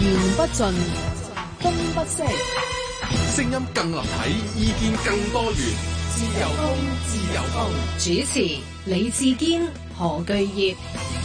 言不盡，風不息，聲音更立體，意見更多元，自由風，自由風。主持：李志堅、何巨葉。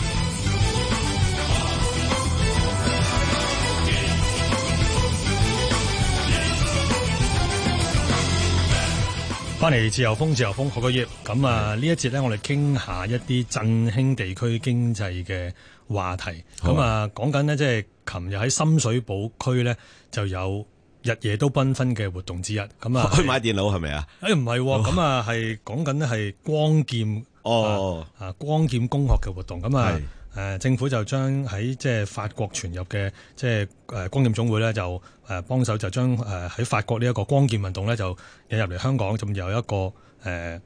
翻嚟自由風自由風，學個業咁啊！一節呢一節咧，我哋傾下一啲振興地區經濟嘅話題。咁啊，講緊呢，即係琴日喺深水埗區咧，就有日夜都繽紛嘅活動之一。咁啊，去買電腦係咪啊？哎，唔係，咁、哦、啊係講緊呢係光劍哦啊光劍工學嘅活動咁啊。啊誒，政府就將喺即係法國傳入嘅，即係誒光劍總會咧，就誒幫手就將誒喺法國呢一個光劍運動咧，就引入嚟香港，咁有一個誒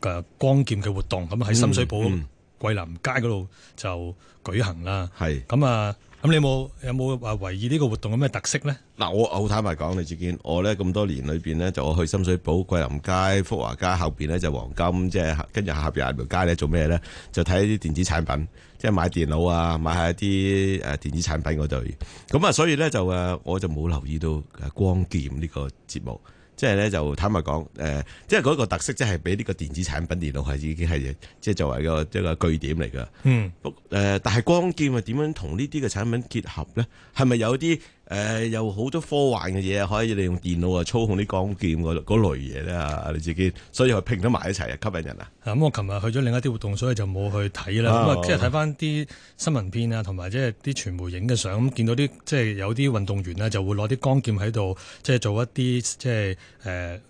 嘅光劍嘅活動，咁喺深水埗桂林街嗰度就舉行啦。係咁啊！嗯那咁你有冇有冇話懷疑呢個活動有咩特色咧？嗱，我好坦白講，你自見我咧咁多年裏面咧，就我去深水埗桂林街、福華街後面咧就是黃金，即係跟住下邊鴨寮街咧做咩咧？就睇啲電子產品，即係買電腦啊，買下啲電子產品嗰度。咁啊，所以咧就誒，我就冇留意到光劍呢個節目。即係咧就坦白講，誒、呃，即係嗰個特色，即係俾呢個電子產品、電腦係已經係即係作為一個一個據點嚟㗎。嗯，誒、呃，但係光劍係點樣同呢啲嘅產品結合咧？係咪有啲？誒、呃、有好多科幻嘅嘢，可以利用電腦啊操控啲光劍嗰類嘢咧啊，你自己，所以佢拼得埋一齊啊，吸引人啊！咁、嗯、我琴日去咗另一啲活動，所以就冇去睇啦。咁啊，嗯、即係睇翻啲新聞片啊，同埋即係啲傳媒影嘅相，咁見到啲即係有啲運動員咧就會攞啲光劍喺度，即係做一啲即係誒。呃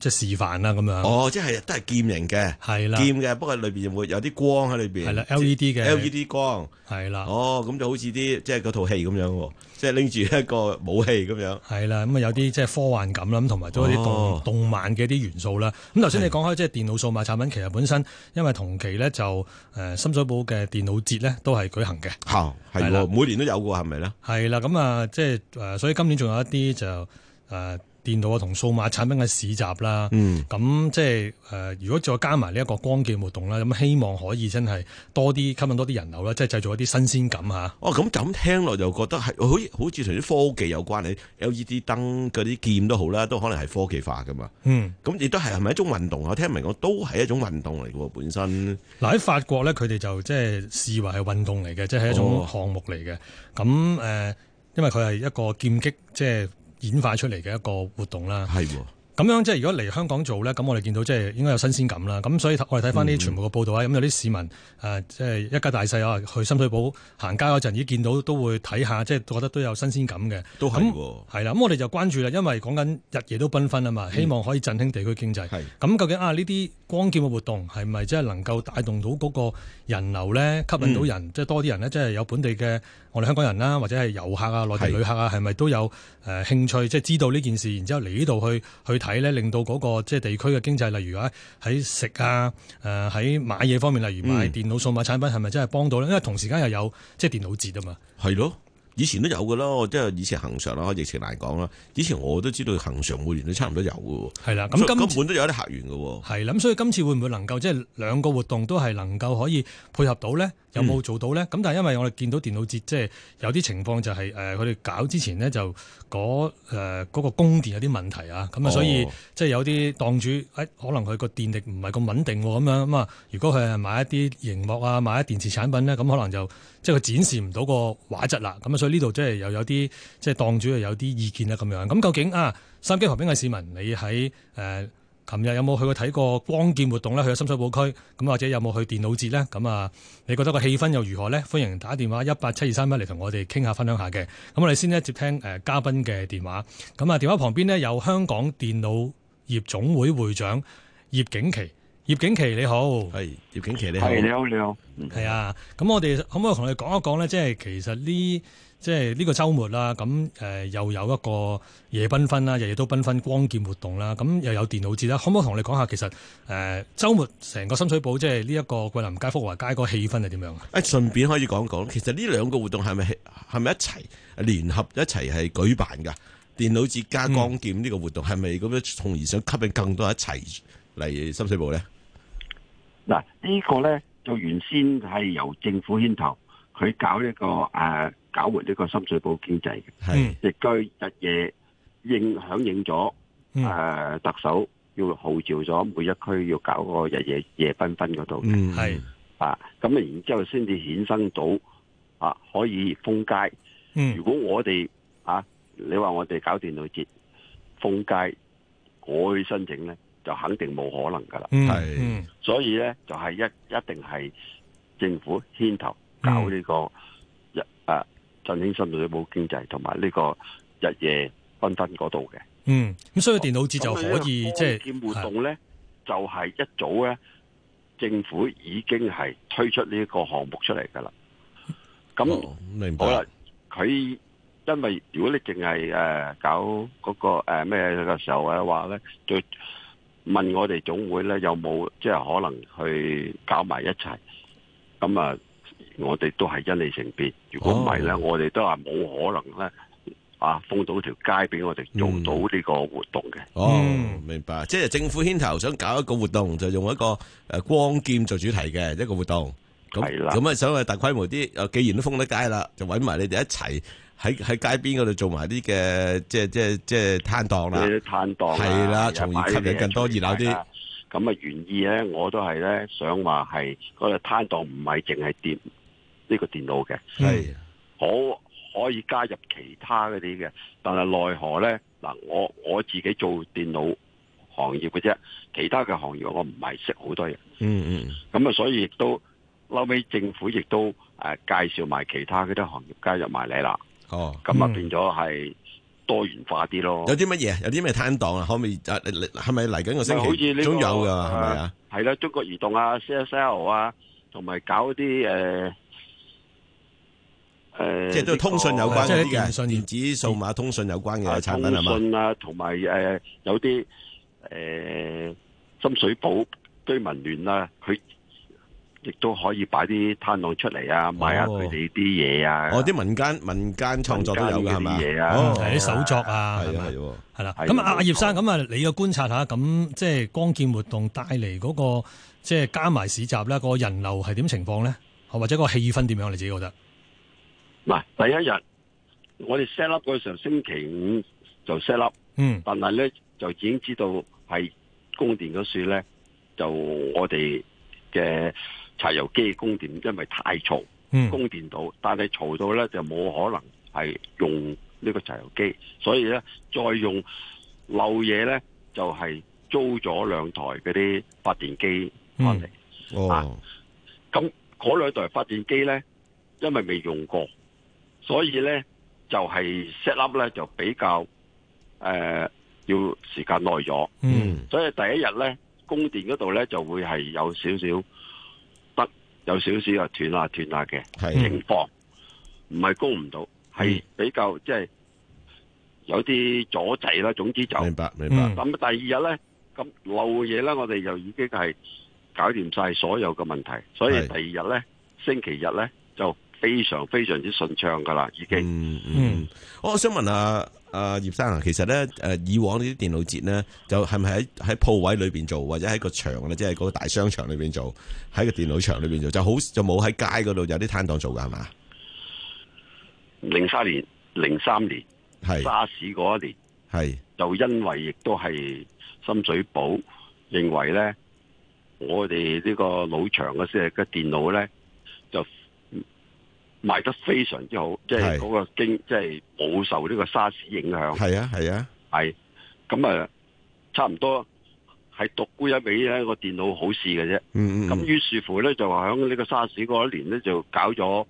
即係示範啦咁樣。哦，即係都係劍型嘅，係啦的，劍嘅，不過裏面會有啲光喺裏面。係啦，LED 嘅，LED 光。係啦的。哦，咁就好似啲的即係嗰套戲咁樣喎，即係拎住一個武器咁樣。係啦，咁啊有啲即係科幻感啦，咁同埋都有啲動、哦、動漫嘅啲元素啦。咁頭先你講開的即係電腦數碼產品，其實本身因為同期咧就誒深水埗嘅電腦節咧都係舉行嘅。係、哦、的每年都有嘅係咪咧？係啦，咁啊，即係所以今年仲有一啲就、呃電腦啊，同數碼產品嘅市集啦，咁、嗯、即係誒、呃，如果再加埋呢一個光劍活動啦，咁希望可以真係多啲吸引多啲人流啦，即係製造一啲新鮮感嚇。哦，咁咁聽落就覺得係好似好似同啲科技有關，你 LED 燈嗰啲劍都好啦，都可能係科技化噶嘛。嗯，咁亦都係係咪一種運動啊？聽唔明，我都係一種運動嚟嘅本身。嗱喺、呃、法國咧，佢哋就即係視為係運動嚟嘅，即係一種項目嚟嘅。咁誒、哦嗯呃，因為佢係一個劍擊即係。演化出嚟嘅一個活動啦。係。咁樣即係如果嚟香港做咧，咁我哋見到即係應該有新鮮感啦。咁所以我哋睇翻啲全部嘅報道啊，咁、嗯嗯、有啲市民誒、呃，即係一家大細啊，去深水埗行街嗰陣，已經見到都會睇下，即係覺得都有新鮮感嘅。都係是喎、哦，係啦。咁我哋就關注啦，因為講緊日夜都繽紛啊嘛，希望可以振興地區經濟。係。咁究竟啊呢啲光劍嘅活動係咪即係能夠帶動到嗰個人流咧，吸引到人，嗯嗯即係多啲人呢，即係有本地嘅我哋香港人啦、啊，或者係遊客啊、內地旅客啊，係咪是的 都有誒、呃、興趣，即係知道呢件事，然之後嚟呢度去去。去睇咧，令到嗰個即係地區嘅經濟，例如啊喺食啊，誒喺買嘢方面，例如買電腦數碼產品，係咪、嗯、真係幫到咧？因為同時間又有即係電腦節啊嘛。係咯。以前都有嘅咯，即係以前恒常啦，疫情難講啦。以前我都知道恒常每年都差唔多有嘅。係啦，咁根本都有啲客源嘅。係，咁所以今次會唔會能夠即係兩個活動都係能夠可以配合到咧？有冇做到咧？咁、嗯、但係因為我哋見到電腦節，即、就、係、是、有啲情況就係誒佢哋搞之前呢，就嗰誒個供電有啲問題啊，咁啊，所以、哦、即係有啲檔主誒、哎、可能佢個電力唔係咁穩定咁樣咁啊。如果佢係買一啲熒幕啊、買一啲電子產品咧，咁可能就即係佢展示唔到個畫質啦。咁喺呢度即係又有啲即係檔主又有啲意見啊咁樣。咁、嗯、究竟啊，三機旁邊嘅市民，你喺誒琴日有冇去過睇過光劍活動咧？去咗深水埗區咁，或者有冇去電腦節呢？咁、嗯、啊，你覺得個氣氛又如何呢？歡迎打電話 1, 一八七二三一嚟同我哋傾下分享下嘅。咁、嗯、我哋先呢，接聽誒、呃、嘉賓嘅電話。咁、嗯、啊，電話旁邊呢，有香港電腦業總會會長葉景祺。葉景祺你好，係葉景祺你，你好，你好你好，係啊。咁、嗯嗯、我哋可唔可以同你講一講呢？即係其實呢？即係呢個週末啦，咁誒、呃、又有一個夜繽紛啦，日日都繽紛光劍活動啦，咁又有電腦節啦，可唔可以同你講下其實誒、呃、週末成個深水埗即係呢一個桂林街、福華街個氣氛係點樣啊？誒，順便可以講一講，其實呢兩個活動係咪係咪一齊聯合一齊係舉辦㗎？電腦節加光劍呢個活動係咪咁樣從而想吸引更多一齊嚟深水埗咧？嗱，呢個咧就原先係由政府牽頭。佢搞呢個誒，搞活呢個深水埗經濟嘅，係亦都日夜應響應咗誒，特首要號召咗每一區要搞個日夜夜繽紛嗰度嘅，係啊，咁啊然之後先至衍生到啊可以封街。如果我哋啊，你話我哋搞電腦節封街，我去申請咧，就肯定冇可能噶啦。係，所以咧就係一一定係政府牽頭。搞呢個日誒振興深水埗經濟，同埋呢個日夜繽紛嗰度嘅。嗯，咁所以電腦節就可以即係活動咧，就係一早咧政府已經係推出呢一個項目出嚟噶啦。咁，明白。佢因為如果你淨係誒搞嗰個誒咩嘅時候嘅話咧，就問我哋總會咧有冇即係可能去搞埋一齊。咁啊？我哋都係因利乘便，如果唔係咧，我哋都話冇可能咧，啊封到條街俾我哋用到呢個活動嘅。哦，明白，即係政府牽頭想搞一個活動，就用一個誒光劍做主題嘅一個活動。係啦，咁啊的想係大規模啲，既然都封得街啦，就揾埋你哋一齊喺喺街邊嗰度做埋啲嘅，即係即係即係攤檔啦。攤檔係啦，啊，從而吸引更多熱鬧啲。咁啊，意那原意咧，我都係咧想話係嗰個攤檔唔係淨係跌。呢個電腦嘅係，可、啊、可以加入其他嗰啲嘅，但係奈何咧嗱，我我自己做電腦行業嘅啫，其他嘅行業我唔係識好多人，嗯嗯，咁啊，所以亦都嬲尾政府亦都誒介紹埋其他嗰啲行業加入埋嚟啦，哦，咁、嗯、啊變咗係多元化啲咯。有啲乜嘢？有啲咩攤檔啊？可唔可以誒？係咪嚟緊個星期？好似呢個係啦、啊啊啊，中國移動啊，CSL 啊，同埋搞啲誒。呃誒，即係都通訊有關啲嘅，電子數碼通訊有關嘅產品係嘛？通訊啊，同埋誒，有啲誒深水埗啲居民啊，佢亦都可以擺啲攤檔出嚟啊，賣下佢哋啲嘢啊。哦，啲民間民間創作都有嘅係嘛？哦，係啲手作啊，係嘛？係啦。咁阿葉生咁啊，你嘅觀察吓，咁即係光劍活動帶嚟嗰個即係加埋市集咧，個人流係點情況咧？或者個氣氛點樣？你自己覺得？嗱，第一日我哋 set up 嗰時候，星期五就 set up、嗯、但係咧就已經知道係供電嗰處咧，就我哋嘅柴油機供電，因為太嘈，供電到，嗯、但係嘈到咧就冇可能係用呢個柴油機，所以咧再用漏嘢咧就係、是、租咗兩台嗰啲發電機翻嚟，嗯，哦，咁嗰、啊、兩台發電機咧，因為未用過。所以咧就係 set up 咧就比較誒要時間耐咗，所以第一日咧供電嗰度咧就會係有少少得有少少啊斷啊斷啊嘅情況，唔係供唔到係比較即係有啲阻滯啦。總之就明白明白。咁第二日咧咁漏嘢咧，我哋就已經係搞掂晒所有嘅問題，所以第二日咧星期日咧就。非常非常之順暢噶啦，已經。嗯嗯，我想問下阿葉、啊、生啊，其實咧，誒、啊，以往電腦節呢啲電腦節咧，就係咪喺喺鋪位裏邊做，或者喺個場咧，即係嗰個大商場裏邊做，喺個電腦場裏邊做，就好就冇喺街嗰度有啲攤檔做噶係嘛？零三年，零三年，係是沙士嗰一年，係是就因為亦都係深水埗認為咧，我哋呢個老場嘅嘅電腦咧就。賣得非常之好，即係嗰個經，即係冇受呢個沙士影響。係啊，係啊，係。咁啊，是差唔多係獨沽一味咧個電腦好事嘅啫。嗯嗯。咁於是乎咧，就話喺呢個沙士嗰一年咧，就搞咗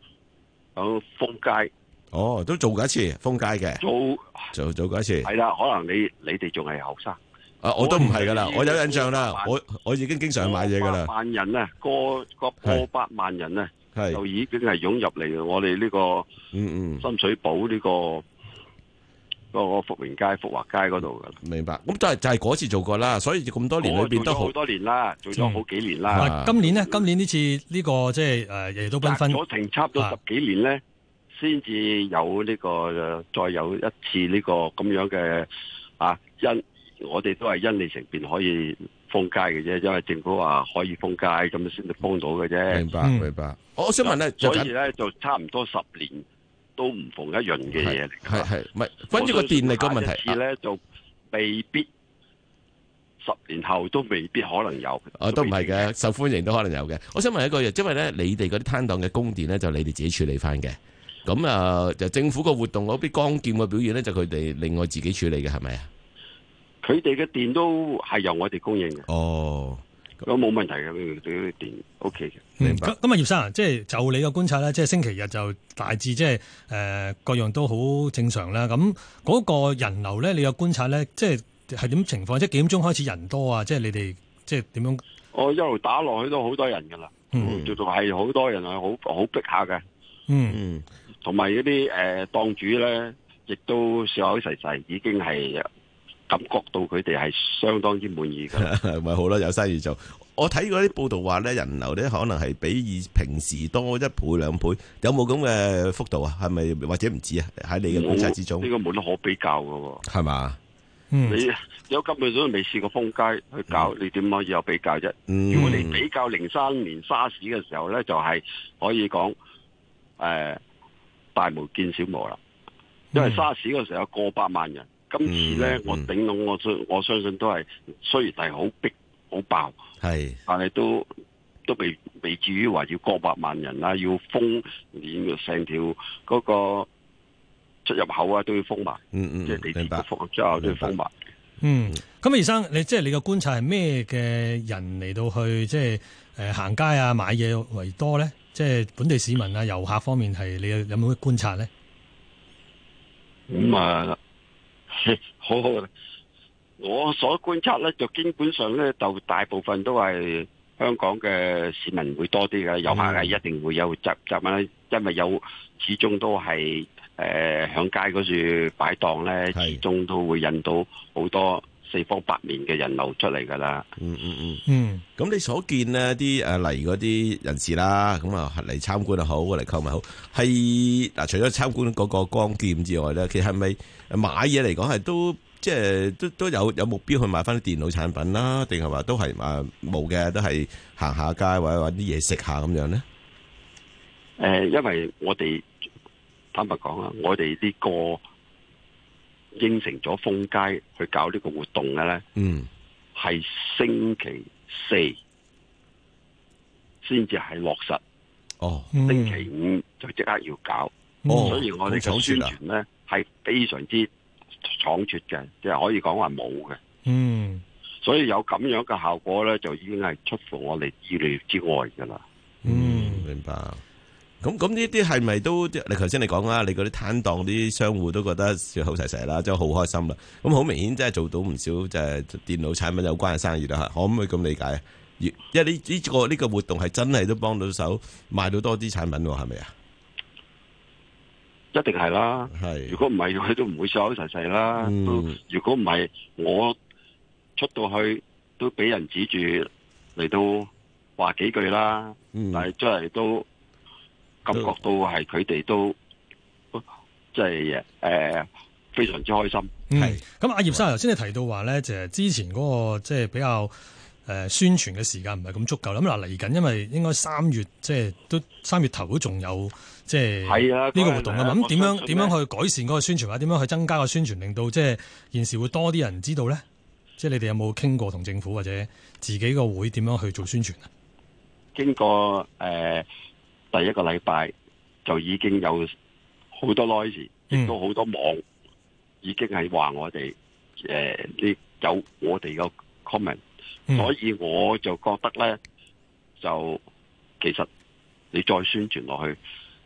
有封街。哦，都做過一次封街嘅。做做做過一次。係啦、啊，可能你你哋仲係後生。啊，我都唔係噶啦，我有印象啦，我我已經經常買嘢噶啦。萬人啊，過，過過百萬人啊。是就已經係湧入嚟嘅，我哋呢個嗯嗯深水埗呢個個福榮街、福華街嗰度嘅。明白，咁就係就係嗰次做過啦，所以咁多年裏邊都好多年啦，做咗好幾年啦。今年咧，今年呢今年這次呢、這個即係誒夜都繽紛，咗停差唔多十幾年咧，先至有呢個再有一次呢個咁樣嘅，啊因我哋都係因你成便可以。封街嘅啫，因為政府話可以封街，咁先至封到嘅啫。明白，明白。嗯、我想問咧，所以咧近就差唔多十年都唔逢一樣嘅嘢嚟。係係，唔係。關於個電力個問題，似咧就未必、啊、十年後都未必可能有。啊，都唔係嘅，受歡迎都可能有嘅。我想問一個嘢，因為咧你哋嗰啲攤檔嘅供電咧，就你哋自己處理翻嘅。咁啊、呃，就政府個活動嗰啲光劍嘅表現咧，就佢哋另外自己處理嘅，係咪啊？佢哋嘅電都係由我哋供應嘅。哦，咁冇問題嘅，佢哋嘅電 OK 嘅。明白。咁啊、嗯，葉生，即係就你嘅觀察咧，即係星期日就大致即係誒各樣都好正常啦。咁嗰個人流咧，你嘅觀察咧，即係係點情況？即係幾點鐘開始人多啊？即係你哋即係點樣？我一路打落去都好多人噶啦，做到係好多人，係好好逼下嘅。嗯，同埋嗰啲誒檔主咧，亦都笑口噬噬，已經係。感覺到佢哋係相當之滿意嘅，咪好咯，有生意做。我睇過啲報道話咧，人流咧可能係比以平時多一倍兩倍，有冇咁嘅幅度啊？係咪或者唔止啊？喺你嘅觀察之中，呢個冇得可比較嘅，係嘛？你有根本都未試過封街去搞，你點可以有比較啫？如果你比較零三年沙士嘅時候咧，就係可以講誒大巫見小巫啦，因為沙士嗰時候有過百萬人。嗯嗯、今次咧，我頂到我相我相信都係雖然係好逼好爆，係是，但係都都未未至於話要過百萬人啦，要封連條成條嗰個出入口啊都要封埋，嗯，嗯嗯，即係地鐵都封，之後都要封埋。白嗯，咁啊，醫生，你即係、就是、你嘅觀察係咩嘅人嚟到去即係誒行街啊買嘢為多咧？即、就、係、是、本地市民啊，遊客方面係你有冇咩觀察咧？咁、嗯嗯、啊～好 好，我所觀察呢，就基本上呢，就大部分都係香港嘅市民會多啲嘅，有客係一定會有集集啊，是的 因為有始終都係誒響街嗰處擺檔呢，始終都會引到好多。四方八面嘅人流出嚟㗎喇，嗯嗯嗯，嗯，咁、嗯嗯、你所見呢啲誒嚟嗰啲人士啦，咁啊嚟參觀又好，嚟購物好，係嗱、啊，除咗參觀嗰個光劍之外咧，其實係咪買嘢嚟講係都即係都都有有目標去買翻啲電腦產品啦，定係話都係話冇嘅，都係行下街或者話啲嘢食下咁樣咧？誒、呃，因為我哋坦白講啊，我哋啲個。應承咗封街去搞呢個活動嘅咧，係、嗯、星期四先至係落實，哦，嗯、星期五就即刻要搞，哦、所以我哋嘅宣傳咧係非常之倉促嘅，即係可以講話冇嘅，嗯，所以有咁樣嘅效果咧，就已經係出乎我哋意料之外噶啦，嗯，明白。咁咁呢啲係咪都？你頭先你講啦，你嗰啲攤檔啲商戶都覺得笑口齊齊啦，即係好開心啦。咁好明顯，真係做到唔少就係電腦產品有關嘅生意啦。可唔可以咁理解？而因為呢、呢、呢個呢、呢個活動係真係都幫到手賣到多啲產品喎，係咪啊？一定係啦。係。如果唔係佢都唔會笑口齊齊啦。嗯。如果唔係我出到去都俾人指住嚟到話幾句啦。嗯、但係真係都。感覺都係佢哋都即係誒非常之開心。係咁，阿葉生頭先你提到話咧，就之前嗰個即係比較誒宣傳嘅時間唔係咁足夠。咁嗱嚟緊，因為應該三月即係都三月頭都仲有即係呢個活動啊。咁點樣點樣去改善嗰個宣傳啊？或者點樣去增加個宣傳，令到即係現時會多啲人知道咧？即係你哋有冇傾過同政府或者自己個會點樣去做宣傳啊？經過誒。呃第一個禮拜就已經有好多 noise，亦都好多網已經係話我哋誒啲有我哋嘅 comment，嗯，所以我就覺得咧，就其實你再宣傳落去，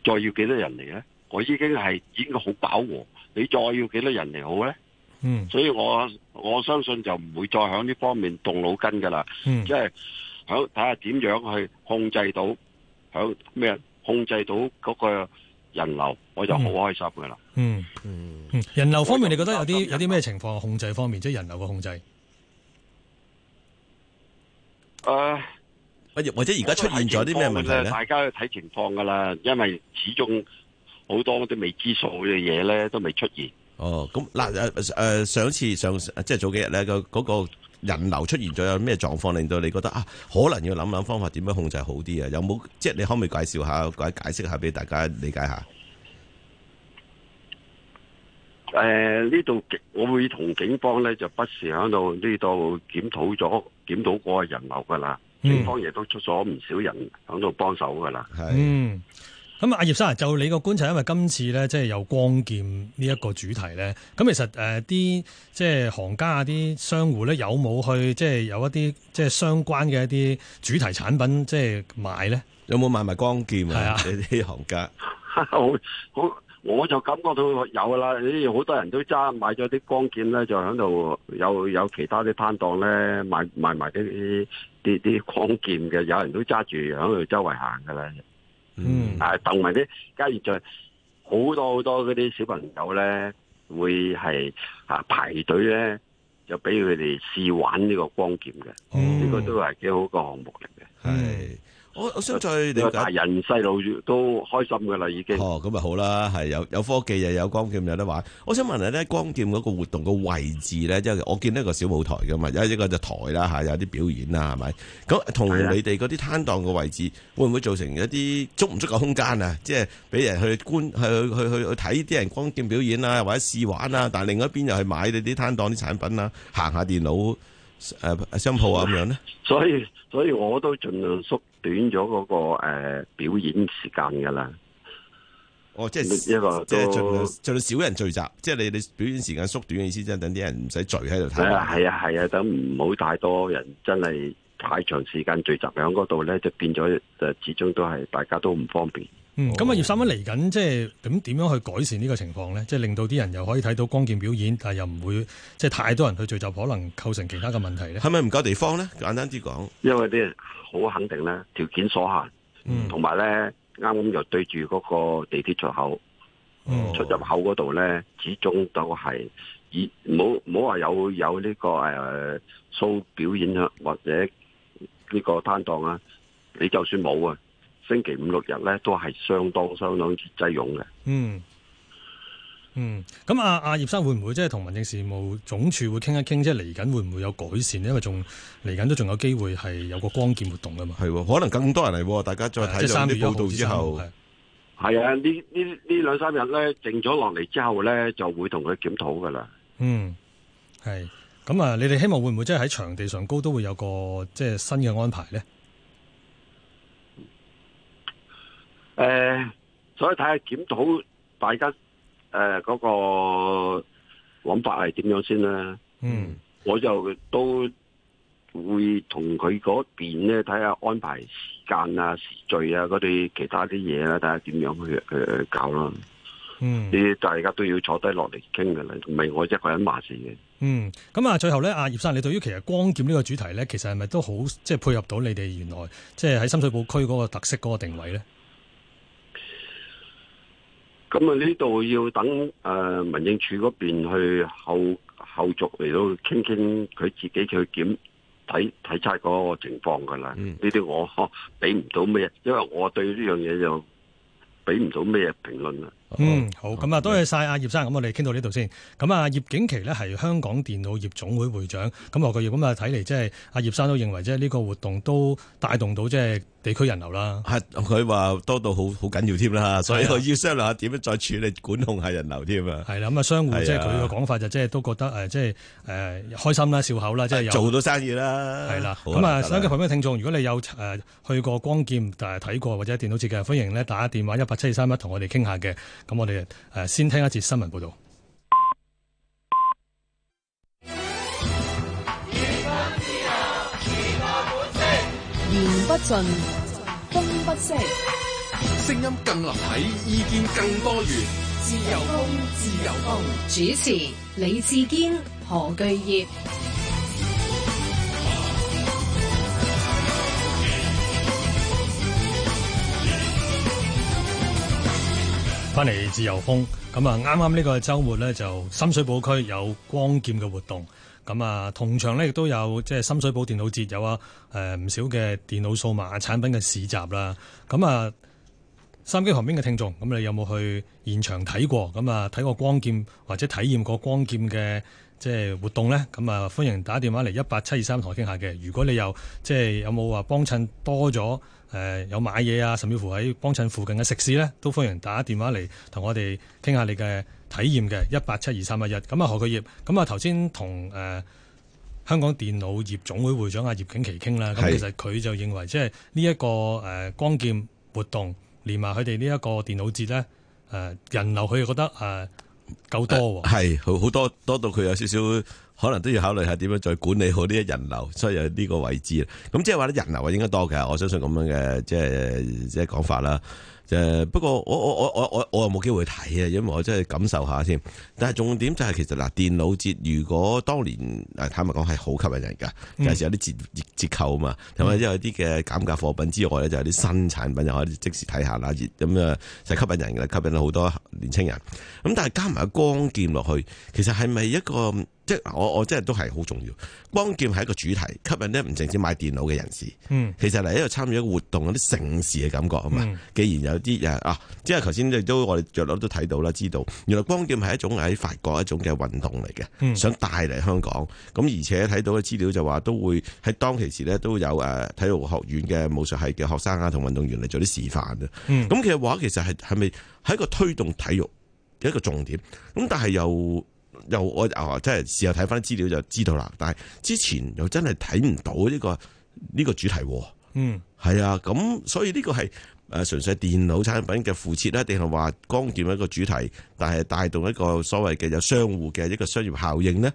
再要幾多人嚟，咧，我已經係已經好飽和，你再要幾多人嚟好咧？嗯，所以我我相信就唔會再響呢方面動腦筋噶啦，即係響睇下點樣去控制到。響咩控制到嗰個人流，我就好開心噶啦。嗯嗯，人流方面你覺得有啲有啲咩情況控制方面，即係人流嘅控制。誒，或者或者而家出現咗啲咩問題咧？大家要睇情況噶啦，因為始終好多啲未知數嘅嘢咧都未出現。哦，咁嗱誒誒，上次上即係早幾日咧個嗰個。人流出現咗有咩狀況，令到你覺得啊，可能要諗諗方法點樣控制好啲啊？有冇即係你可唔可以介紹下，解解釋下俾大家理解下？誒、呃，呢度我會同警方咧就不時喺度呢度檢討咗檢討嗰人流噶啦，警方亦都出咗唔少人響度幫手噶啦，係、嗯。咁阿、啊、葉生啊，就你個觀察，因為今次咧，即係有光劍呢一個主題咧，咁其實誒啲即係行家啊、啲商戶咧，有冇去即係有一啲即係相關嘅一啲主題產品即係賣咧？有冇買埋光劍啊？啲、啊、行家，好好， 我就感覺到有啦，啲好多人都揸買咗啲光劍咧，就喺度有有其他啲攤檔咧買買埋啲啲啲光劍嘅，有人都揸住喺度周圍行噶啦。嗯，誒，同埋啲而家現在好多好多嗰啲小朋友咧，會係啊排隊咧，就俾佢哋試玩呢個光劍嘅，嗯呢個都係幾好個項目嚟嘅。係。我相信你大人細路都開心嘅啦，已經哦咁咪好啦，係有有科技又有光劍有得玩。我想問下咧，光劍嗰個活動個位置咧，即係我見到一個小舞台嘅嘛，有一個就台啦嚇，有啲表演啦係咪？咁同你哋嗰啲攤檔嘅位置會唔會造成一啲足唔足嘅空間啊？即係俾人去觀去去去去睇啲人光劍表演啦，或者試玩啊？但另外一邊又去買你啲攤檔啲產品啊，行下電腦誒、呃、商鋪啊咁樣呢。所以所以我都儘量縮短咗嗰、那個誒、呃、表演時間噶啦，哦，即係一個即係盡量盡量少人聚集，即係你你表演時間縮短嘅意思是，即係等啲人唔使聚喺度睇。係啊係啊，等唔好太多人，真係太長時間聚集喺嗰度咧，就變咗誒，始終都係大家都唔方便。嗯，咁啊，葉三蚊嚟緊，即係咁點樣去改善呢個情況咧？即係令到啲人又可以睇到光劍表演，但係又唔會即係太多人去聚集，可能構成其他嘅問題咧。係咪唔夠地方咧？簡單啲講，因為啲人好肯定咧，條件所限，嗯，同埋咧，啱啱就對住嗰個地鐵出口，嗯、出入口嗰度咧，始終都係以唔好話有有呢、這個誒、uh, show 表演啊，或者呢個攤檔啊，你就算冇啊。星期五六日咧，都係相當相當擠擁嘅。嗯嗯，咁阿阿葉生會唔會即係同民政事務總署會傾一傾，即係嚟緊會唔會有改善呢？因為仲嚟緊都仲有機會係有個光劍活動噶嘛。係，可能更多人嚟，大家再睇咗啲報道之後，係啊，呢呢呢兩三日咧靜咗落嚟之後咧，就會同佢檢討噶啦。嗯，係。咁啊，你哋希望會唔會即係喺場地上高都會有個即係、就是、新嘅安排咧？誒、呃，所以睇下檢討大家誒嗰、呃那個諗法係點樣先啦。嗯，我就都會同佢嗰邊咧睇下安排時間啊、時序啊嗰啲其他啲嘢啦，睇下點樣去誒、呃、搞咯。嗯，呢大家都要坐低落嚟傾嘅，啦，唔係我一個人話事嘅。嗯，咁啊，最後咧，阿葉生，你對於其實光劍呢個主題咧，其實係咪都好即係配合到你哋原來即係喺深水埗區嗰個特色嗰個定位咧？咁啊，呢度要等誒，民政處嗰邊去後後續嚟到傾傾，佢自己去檢睇睇測嗰個情況噶啦。呢啲我俾唔到咩，因為我對呢樣嘢就俾唔到咩評論啊。嗯，好，咁啊，多謝晒阿葉生，咁我哋傾到呢度先。咁啊，葉景祺呢係香港電腦業總會會長，咁我個業，咁啊睇嚟，即係阿葉生都認為即係呢個活動都帶動到即係地區人流啦。吓佢話多到好好緊要添啦，所以我要商量下點樣再處理管控下人流添啊。係啦，咁啊，商戶即係佢個講法就即係都覺得誒，即係誒開心啦，笑口啦，即係。做到生意啦。係啦，咁啊，想嘅朋友聽眾，如果你有誒去過光劍但係睇過或者電腦設計，歡迎呢打電話一八七二三一同我哋傾下嘅。咁我哋誒先聽一節新聞報導。原言不盡，風不息，聲音更立體，意見更多元，自由風，自由風。主持李志堅、何巨業翻嚟自由風，咁啊啱啱呢個週末呢，就深水埗區有光劍嘅活動，咁啊同場呢，亦都有即係深水埗電腦節，有啊唔少嘅電腦數碼產品嘅市集啦。咁啊，收音機旁邊嘅聽眾，咁你有冇去現場睇過？咁啊睇過光劍或者體驗過光劍嘅即係活動呢？咁啊歡迎打電話嚟一八七二三同我傾下嘅。如果你又即係有冇話幫襯多咗？誒、呃、有買嘢啊，甚至乎喺幫襯附近嘅食肆咧，都歡迎打電話嚟同我哋傾下你嘅體驗嘅一八七二三八一。咁啊，何個業咁啊頭先同誒香港電腦業總會會長阿葉景祺傾啦，咁是其實佢就認為即係呢一個誒光劍活動，連埋佢哋呢一個電腦節咧，誒、呃、人流佢又覺得誒、呃、夠多、哦，係好好多多到佢有少少。可能都要考慮下點樣再管理好呢啲人流，所以有呢個位置，咁即係話啲人流啊應該多嘅，我相信咁樣嘅即係即係講法啦。就是誒，不過我我我我我我又冇機會睇啊，因為我真係感受下先。但係重點就係其實嗱，電腦節如果當年坦白講係好吸引人噶，就係、有時有啲折折扣啊嘛，同埋有啲嘅減價貨品之外就係、有啲新產品就可以即時睇下啦，咁啊就吸引人嘅，吸引咗好多年青人。咁但係加埋光劍落去，其實係咪一個即我我真係都係好重要。光劍係一個主題，吸引啲唔淨止買電腦嘅人士。其實嚟呢度參與一個活動，有啲盛事嘅感覺啊嘛。既然有啲啊，即係頭先都我哋着樓都睇到啦，知道原來光劍係一種喺法國一種嘅運動嚟嘅，嗯、想帶嚟香港。咁而且睇到嘅資料就話都會喺當其時咧，都有誒體育學院嘅武術系嘅學生啊同運動員嚟做啲示範咁、嗯、其實話其實係係咪係一個推動體育嘅一個重點？咁但係又又我啊，即係試下睇翻啲資料就知道啦。但係之前又真係睇唔到呢、這個呢、這個主題。嗯，係啊，咁所以呢個係。誒純粹電腦產品嘅附設啦，定係話光劍一個主題，但係帶動一個所謂嘅有商戶嘅一個商業效應呢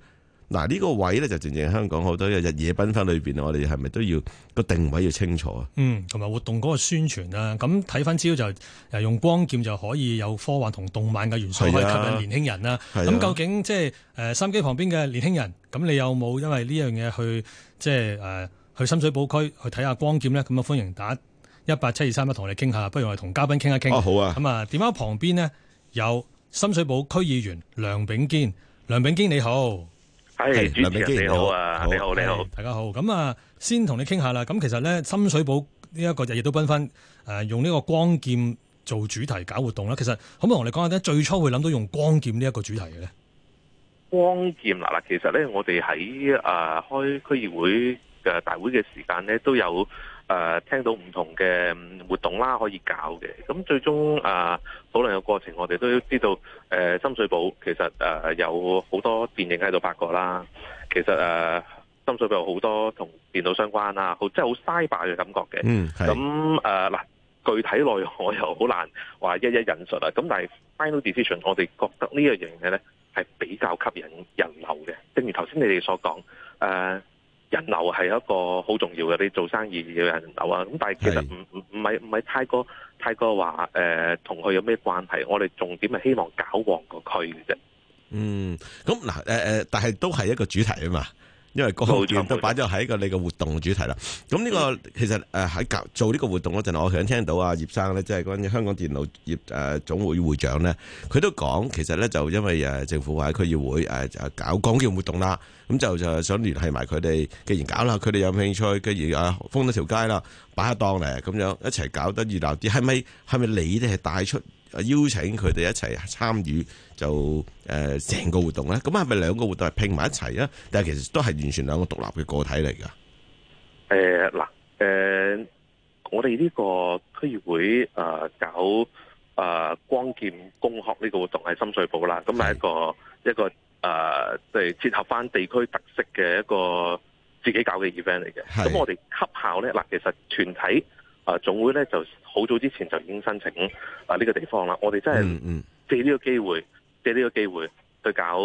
嗱，呢、啊呢個位呢就正正香港好多的日夜繽紛裏邊，我哋係咪都要個定位要清楚啊？嗯，同埋活動嗰個宣傳啊。咁睇翻朝早就用光劍就可以有科幻同動漫嘅元素，去、啊、吸引年輕人啦。咁、啊、究竟即係誒深水埗區嘅年輕人，咁你有冇因為呢樣嘢去即係誒去深水埗區去睇下光劍呢？咁啊，歡迎打。1, 一八七二三一，同我哋傾下，不如我哋同嘉賓傾一傾、啊。好啊。咁啊，電話旁邊呢，有深水埗區議員梁秉堅。梁秉堅你好，係梁秉堅你好啊，你好、啊、你好，大家好。咁啊，先同你傾下啦。咁其實咧，深水埗呢一個日夜都繽紛，誒、啊，用呢個光劍做主題搞活動啦。其實，可唔可以同我哋講下咧？最初會諗到用光劍呢一個主題嘅咧？光劍嗱嗱，其實咧，我哋喺誒開區議會嘅大會嘅時間咧，都有。誒、呃、聽到唔同嘅活動啦，可以搞嘅。咁最終誒討論嘅過程，我哋都知道誒、呃、深水埗其實誒、呃、有好多電影喺度拍過啦。其實誒、呃、深水埗有好多同電腦相關啦，好即係好 cyber 嘅感覺嘅。嗯，咁誒嗱，具體內容我又好難話一一引述啊。咁但係 final decision，我哋覺得個呢一樣嘢咧係比較吸引人流嘅。正如頭先你哋所講誒。呃人流係一個好重要嘅，你做生意要人流啊。咁但係其實唔唔唔係唔係太過太過話誒同佢有咩關係。我哋重點係希望搞旺個區嘅啫。嗯，咁嗱誒誒，但係都係一個主題啊嘛。因為嗰個都擺咗喺一個你個活動主題啦。咁呢個其實誒喺搞做呢個活動嗰陣，我想聽到阿葉生咧，即係關於香港電腦業誒總會會長咧，佢都講，其實咧就因為誒政府或者區議會誒搞講嘢活動啦，咁就就想聯繫埋佢哋，既然搞啦，佢哋有興趣，既然啊封咗條街啦，擺下檔嚟咁樣，一齊搞得熱鬧啲，係咪係咪你哋係帶出？啊！邀請佢哋一齊參與就誒成、呃、個活動咧，咁係咪兩個活動係拼埋一齊啊？但係其實都係完全兩個獨立嘅個體嚟㗎。誒嗱誒，我哋呢個區議會誒、呃、搞誒、呃、光劍工學呢個活動係深水埗啦，咁係是一個一個誒，即係結合返地區特色嘅一個自己搞嘅 event 嚟嘅。咁是我哋級校咧，嗱、呃、其實團體啊總、呃、會咧就。好早之前就已經申請啊呢個地方啦！我哋真係借呢個機會，借呢、嗯、個機會去搞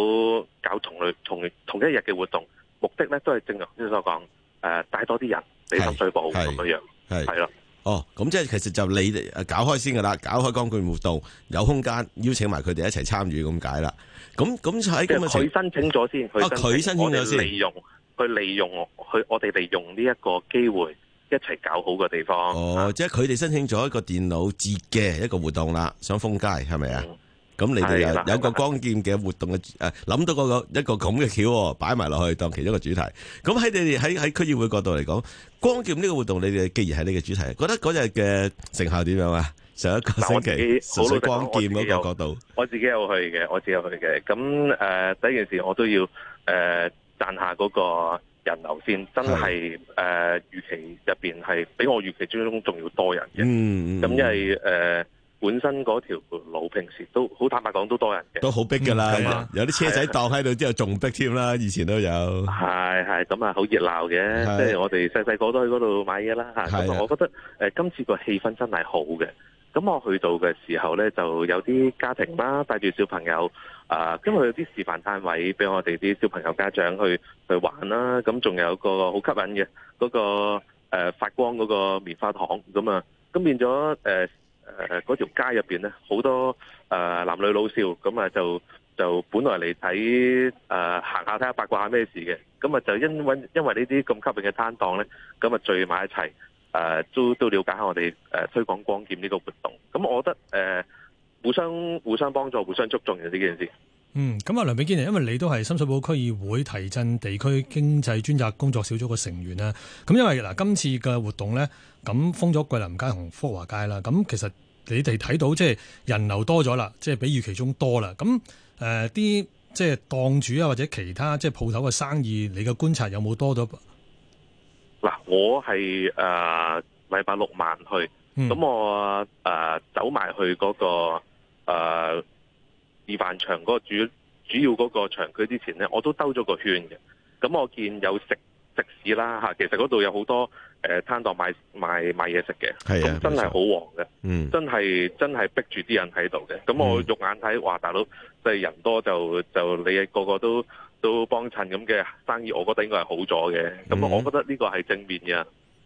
搞同類、同同一日嘅活動，目的咧都係正如先所講，誒帶多啲人俾深水埗咁樣樣。係係咯，的哦，咁即係其實就你哋搞開先㗎啦，搞開光劍活動有空間，邀請埋佢哋一齊參與咁解啦。咁咁喺佢申請咗、啊、先。佢申請咗先，我利用去利用去我哋利用呢一個機會。一齊搞好個地方。哦，即係佢哋申請咗一個電腦節嘅一個活動啦，想封街係咪啊？咁你哋又有個光劍嘅活動嘅誒，諗到嗰個一個咁嘅橋擺埋落去當其中一個主題。咁喺你哋喺喺區議會角度嚟講，光劍呢個活動，你哋既然係呢個主題，覺得嗰日嘅成效點樣啊？上一個星期純粹光劍嗰個角度，我自己有去嘅，我自己有去嘅。咁誒，第一件事我都要誒讚下嗰個。人流先真係誒是的、呃、預期入面係比我預期之中仲要多人嘅，咁、嗯嗯、因為誒、呃、本身嗰條路平時都好坦白講都多人嘅，都好逼㗎啦，嗯、嗎有啲車仔檔喺度之後仲逼添啦，以前都有，係係咁啊，好熱鬧嘅，即係的我哋細細個都去嗰度買嘢啦嚇，咁的我覺得誒今次個氣氛真係好嘅。咁我去到嘅時候呢，就有啲家庭啦，帶住小朋友，啊，咁今日有啲示範攤位俾我哋啲小朋友家長去去玩啦，咁仲有個好吸引嘅嗰個誒發光嗰個棉花糖咁啊，咁變咗誒嗰條街入邊呢，好多誒男女老少，咁啊就就本來嚟睇誒行下睇下八卦下咩事嘅，咁啊就因因為呢啲咁吸引嘅攤檔呢，咁啊聚埋一齊。誒，都都了解下我哋誒推廣光劍呢個活動。咁我覺得誒、呃，互相互相幫助，互相促進嘅呢件事。嗯、咁、嗯、啊，梁秉堅，因為你都係深水埗區議會提振地區經濟專責工作小組嘅成員啦。咁、嗯、因為嗱，今次嘅活動咧，咁、嗯、封咗桂林街同福華街啦。咁、嗯、其實你哋睇到即係人流多咗啦，即係比預期中多啦。咁、嗯、誒、啲、呃、即係檔主啊，或者其他即係鋪頭嘅生意，你嘅觀察有冇多咗？嗱，我係誒禮拜六晚去，咁、嗯、我誒、呃、走埋去嗰、那個誒示範場嗰個主主要嗰個場區之前咧，我都兜咗個圈嘅。咁我見有食食肆啦吓，其實嗰度有好多誒攤檔賣賣賣嘢食嘅，係、呃、的真係好旺嘅，嗯，真係真係逼住啲人喺度嘅。咁我肉眼睇哇，大佬即係人多就就你個個都。都幫襯咁嘅生意，我覺得應該係好咗嘅。咁我覺得呢個係正面嘅。嗯嗯嗯。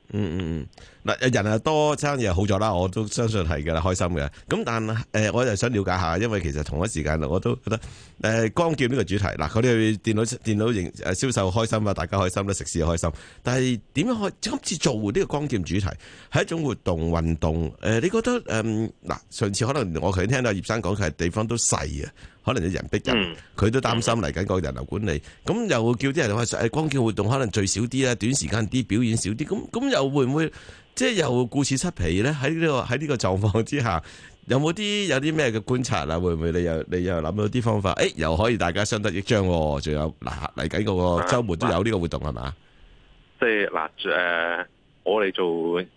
Hmm. Mm hmm. 嗱人又多，生意又好咗啦，我都相信係噶啦，開心嘅。咁但係，誒，我又想了解下，因為其實同一時間啦，我都覺得誒光劍呢個主題，嗱，嗰啲電腦電腦營誒銷售開心啊，大家開心啦，食肆開心。但係點樣開？今次做呢個光劍主題係一種活動運動。誒，你覺得誒嗱？上次可能我啱啱聽到葉生講佢係地方都細啊，可能啲人逼人，佢都擔心嚟緊個人流管理。咁又叫啲人話誒光劍活動可能最少啲啦，短時間啲，表演少啲。咁咁又會唔會？即係又故此失皮呢，喺呢，這個喺呢個狀況之下，有冇啲有啲咩嘅觀察啦？會唔會你又你又諗到啲方法？誒、欸，又可以大家相得益彰喎、哦？仲有嗱嚟緊個周末都有呢個活動係嘛？即係嗱，誒吧、呃，我哋做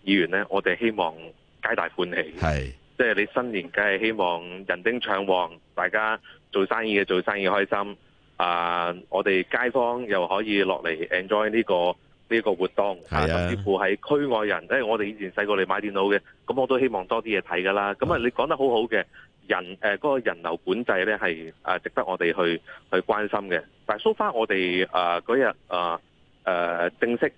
議員呢，我哋希望皆大歡喜。係即係你新年梗係希望人丁暢旺，大家做生意嘅做生意開心。啊、呃，我哋街坊又可以落嚟 enjoy 呢個。呢一個活動，甚至乎係區外人即係，我哋以前細個嚟買電腦嘅，咁我都希望多啲嘢睇噶啦。咁啊，你講得好好嘅人，誒、呃、嗰、嗰個人流管制咧係誒值得我哋去去關心嘅。但係 so far 我哋誒嗰日誒誒正式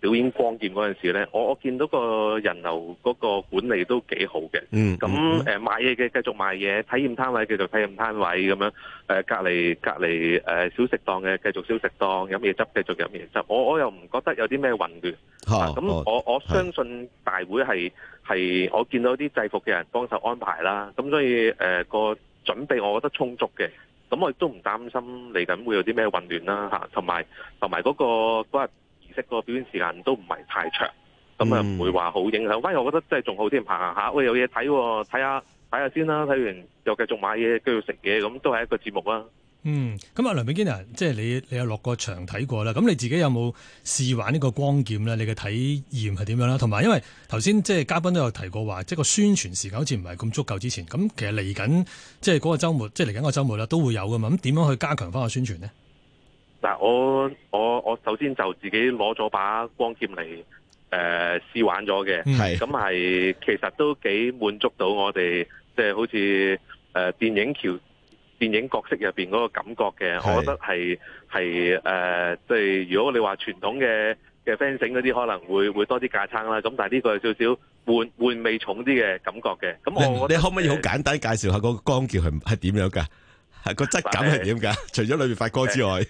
表演光劍嗰陣時咧，我我見到個人流嗰個管理都幾好嘅。嗯。咁誒賣嘢嘅繼續賣嘢，體驗攤位繼續體驗攤位咁樣。誒隔離隔離誒小食檔嘅繼續小食檔，飲嘢汁繼續飲嘢汁。我我又唔覺得有啲咩混亂。咁、啊啊、我、啊、我相信大會係係我見到啲制服嘅人幫手安排啦。咁所以誒、呃嗰個準備我覺得充足嘅。咁我亦都唔擔心嚟緊會有啲咩混亂啦嚇。同埋同埋嗰個嗰日。即個表演時間都唔係太長，咁啊唔會話好影響。反而、嗯、我覺得真係仲好添，行下，喂有嘢睇，睇下睇下先啦，睇完又繼續買嘢，繼續食嘢，咁都係一個節目啦。嗯，咁阿梁秉堅啊，即係你你有落過場睇過啦，咁你自己有冇試玩呢個光劍咧？你嘅體驗係點樣啦？同埋因為頭先即係嘉賓都有提過話，即係個宣傳時間好似唔係咁足夠之前。咁其實嚟緊即係嗰個週末，即係嚟緊個週末啦，都會有噶嘛。咁點樣去加強翻個宣傳咧？嗱，我我我首先就自己攞咗把光劍嚟誒試玩咗嘅，係咁係其實都幾滿足到我哋，即係好似誒電影橋電影角色入邊嗰個感覺嘅。是我覺得係係誒即係如果你話傳統嘅嘅 fans 嗰啲可能會會多啲架撐啦。咁但係呢個有少少換換味重啲嘅感覺嘅。咁你我你可唔可以好簡單介紹下嗰個光劍係係點樣噶？係個質感係點噶，除咗裏面發光之外。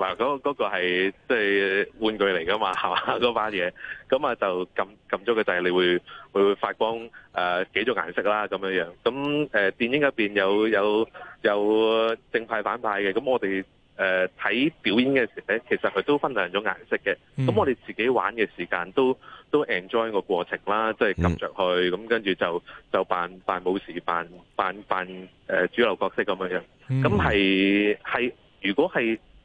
嗱，嗰個、嗰個係即係玩具嚟噶嘛，係嘛嗰班嘢咁啊，就撳撳咗佢就係你會會發光誒、呃、幾種顏色啦咁樣樣。咁誒、呃、電影入邊有有有正派反派嘅，咁我哋誒睇表演嘅時候呢，其實佢都分兩種顏色嘅。咁、嗯、我哋自己玩嘅時間都都 enjoy 個過程啦，即係撳着佢咁，嗯、跟住就就扮扮武士，扮扮扮誒主流角色咁樣樣。咁係係、嗯、如果係。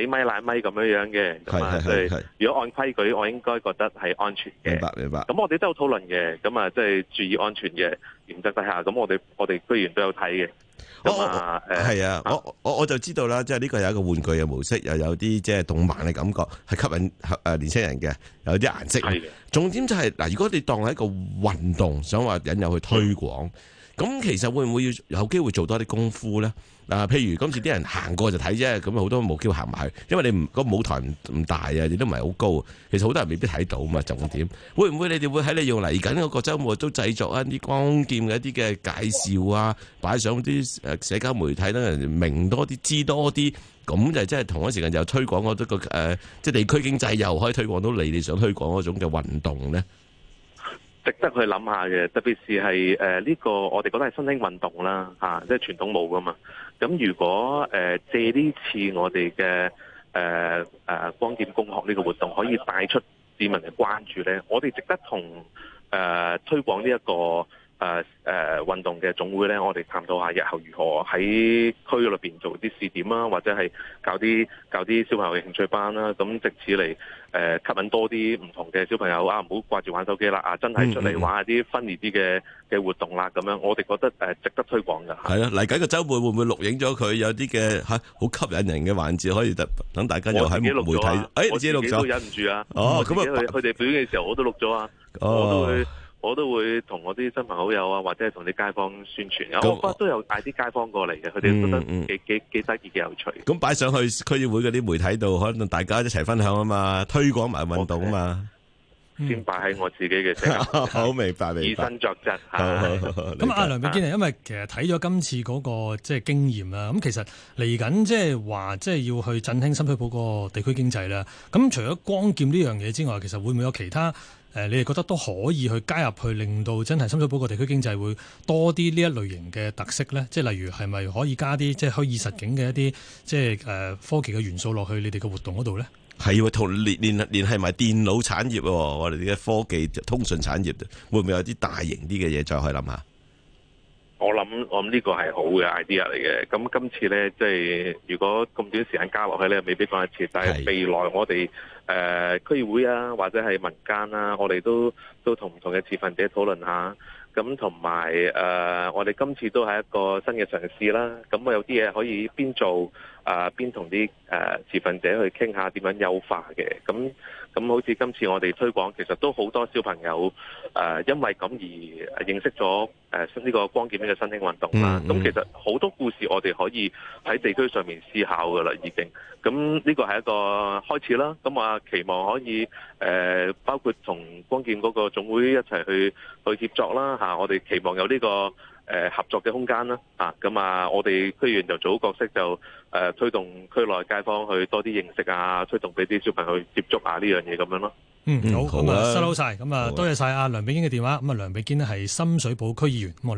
幾米拉米咁樣樣嘅，咁啊，係如果按規矩，我應該覺得係安全嘅。明白明白。咁我哋都有討論嘅，咁啊，即係注意安全嘅原則底下，咁我哋我哋居然都有睇嘅。咁啊、哦，係啊那，我、呃、的我的我，我就知道啦，即係呢個有一個玩具嘅模式，又有啲即係動漫嘅感覺，係吸引誒年輕人嘅，有啲顏色。的重點就係、是、嗱，如果你當係一個運動，想話引誘去推廣。咁其實會唔會要有機會做多啲功夫咧？啊，譬如今次啲人行過就睇啫，咁好多冇機會行埋去，因為你唔、個舞台唔大啊，你都唔係好高。其實好多人未必睇到啊嘛。重點會唔會你哋會喺你用嚟緊個週末都製作一啲光劍嘅一啲嘅介紹啊，擺上啲誒社交媒體等人明多啲知多啲，咁就即係同一時間又推廣我啲、個、呃、即係地區經濟又可以推廣到你哋想推廣嗰種嘅運動咧。值得去諗下嘅，特別是係誒呢個我哋覺得係新興運動啦，即、啊、係、就是、傳統舞噶嘛。咁如果誒、呃、借呢次我哋嘅誒誒光劍工學呢個活動，可以帶出市民嘅關注咧，我哋值得同誒、呃、推廣呢、這、一個誒誒、呃呃、運動嘅總會咧，我哋探討下日後如何喺區入面做啲試點啦，或者係教啲教啲小朋友嘅興趣班啦。咁直至嚟。誒吸引多啲唔同嘅小朋友啊，唔好掛住玩手機啦，啊真係出嚟玩下啲分離啲嘅嘅活動啦，咁、嗯嗯、樣我哋覺得誒值得推廣㗎。係咯、啊，嚟緊個週末會唔會錄影咗佢有啲嘅好吸引人嘅環節，可以等等大家又喺媒體。啊、哎，你錄咗？我知，我都忍唔住啊。哦，咁啊，佢哋表演嘅時候我都錄咗啊，哦、我都會我都會同我啲親朋好友啊，或者係同啲街坊宣傳那我覺得都有帶啲街坊過嚟嘅，佢哋、嗯、覺得幾幾幾得意幾有趣。咁擺、嗯、上去區議會嗰啲媒體度，可能大家一齊分享啊嘛，推廣埋運動啊是嘛，先擺喺我自己嘅、嗯、 好明白，明白。以身作則。咁阿梁秉堅，因為其實睇咗今次嗰個即係經驗啦，咁其實嚟緊即係話即係要去振興深水埗嗰個地區經濟啦。咁除咗光劍呢樣嘢之外，其實會唔會有其他？誒，你哋覺得都可以去加入去，令到真係深水埗個地區經濟會多啲呢一類型嘅特色咧？即係例如係咪可以加啲即係虛擬實境嘅一啲即係誒科技嘅元素落去你哋嘅活動嗰度咧？係喎，同連連連係埋電腦產業，我哋啲科技通訊產業會唔會有啲大型啲嘅嘢再去諗下？我諗我諗呢個係好嘅 idea 嚟嘅，咁今次呢，即係如果咁短時間加落去呢，未必講得切。但係未來我哋誒區議會啊，或者係民間啦，我哋都都同唔同嘅持份者討論下。咁同埋誒，我哋今次都係一個新嘅嘗試啦。咁我有啲嘢可以邊做啊，邊同啲誒持份者去傾下點樣優化嘅。咁。咁好似今次我哋推廣，其實都好多小朋友誒、呃，因為咁而認識咗誒呢個光劍呢個新興運動啦。咁、嗯嗯、其實好多故事我哋可以喺地區上面思考噶啦，已經，咁呢個係一個開始啦。咁啊，期望可以誒、呃、包括同光劍嗰個總會一齊去去協作啦。吓、啊，我哋期望有呢、這個。誒合作嘅空間啦，啊，咁啊，我哋區議員就做好角色，就誒、啊、推動區內街坊去多啲認識啊，推動俾啲小朋友去接觸啊。呢樣嘢咁樣咯。啊、嗯，好，咁啊、嗯，收樓曬，咁啊、嗯，嗯、好吧多謝晒阿梁秉堅嘅電話。咁、嗯、啊，梁秉堅呢係深水埗區議員。嗯